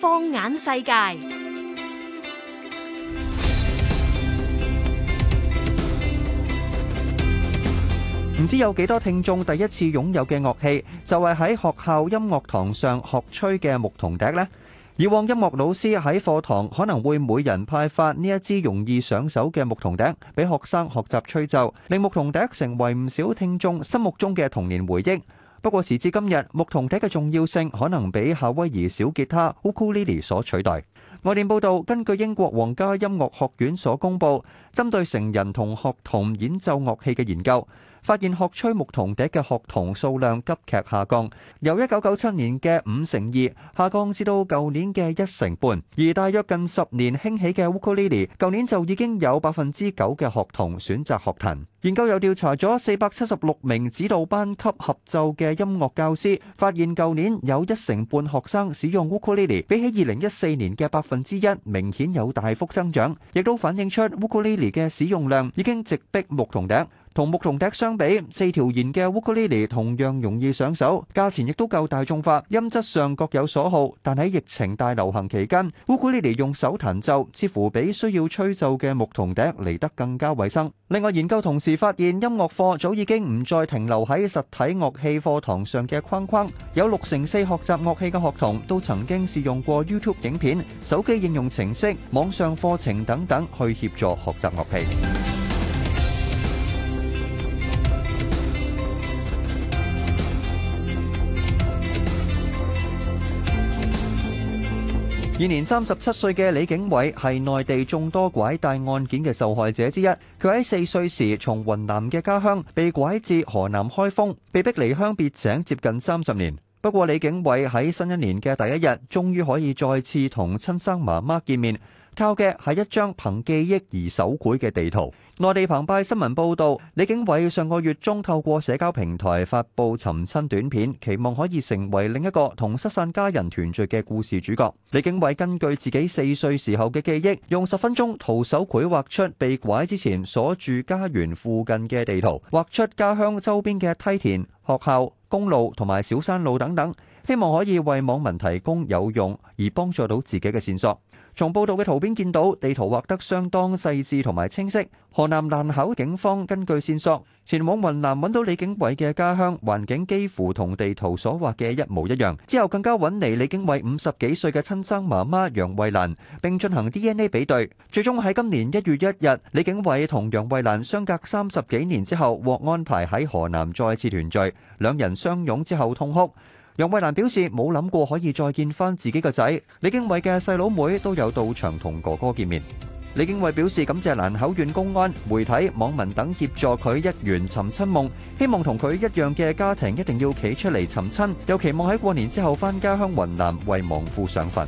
放眼世界，唔知有幾多聽眾第一次擁有嘅樂器就係喺學校音樂堂上學吹嘅牧童笛咧。以往音樂老師喺課堂可能會每人派發呢一支容易上手嘅牧童笛，俾學生學習吹奏，令牧童笛成為唔少聽眾心目中嘅童年回憶。不過時至今日，牧童笛嘅重要性可能被夏威夷小吉他 ukulele 所取代。外電報導，根據英國皇家音樂學院所公布針對成人同學童演奏樂器嘅研究。發現學吹牧童笛嘅學童數量急劇下降，由一九九七年嘅五成二下降至到舊年嘅一成半。而大約近十年興起嘅 Ukulele，舊年就已經有百分之九嘅學童選擇學琴。研究又調查咗四百七十六名指導班級合奏嘅音樂教師，發現舊年有一成半學生使用 Ukulele，比起二零一四年嘅百分之一，明顯有大幅增長，亦都反映出 Ukulele 嘅使用量已經直逼牧童笛。同牧童笛相比，四條弦嘅 Ukulele 同樣容易上手，價錢亦都夠大眾化，音質上各有所好。但喺疫情大流行期間，Ukulele 用手彈奏，似乎比需要吹奏嘅牧童笛嚟得更加衛生。另外，研究同時發現，音樂課早已經唔再停留喺實體樂器課堂上嘅框框，有六成四學習樂器嘅學童都曾經試用過 YouTube 影片、手機應用程式、網上課程等等去協助學習樂器。現年三十七歲嘅李景偉係內地眾多拐帶案件嘅受害者之一。佢喺四歲時從雲南嘅家鄉被拐至河南開封，被逼離鄉別井接近三十年。不過李景偉喺新一年嘅第一日，終於可以再次同親生媽媽見面。靠嘅係一張憑記憶而手繪嘅地圖。內地澎湃新聞報道，李景偉上個月中透過社交平台發布尋親短片，期望可以成為另一個同失散家人團聚嘅故事主角。李景偉根據自己四歲時候嘅記憶，用十分鐘徒手繪畫出被拐之前所住家園附近嘅地圖，畫出家鄉周邊嘅梯田、學校、公路同埋小山路等等，希望可以為網民提供有用而幫助到自己嘅線索。從報道嘅圖片見到，地圖畫得相當細緻同埋清晰。河南蘭考警方根據線索前往雲南揾到李景偉嘅家鄉，環境幾乎同地圖所畫嘅一模一樣。之後更加揾嚟李景偉五十幾歲嘅親生媽媽楊慧蘭，並進行 DNA 比對。最終喺今年一月一日，李景偉同楊慧蘭相隔三十幾年之後獲安排喺河南再次團聚，兩人相擁之後痛哭。楊慧蘭表示冇諗過可以再見翻自己個仔，李敬偉嘅細佬妹都有到場同哥哥見面。李敬偉表示感謝蘭口縣公安、媒體、網民等協助佢一圓尋親夢，希望同佢一樣嘅家庭一定要企出嚟尋親，又期望喺過年之後翻家鄉雲南為亡父上墳。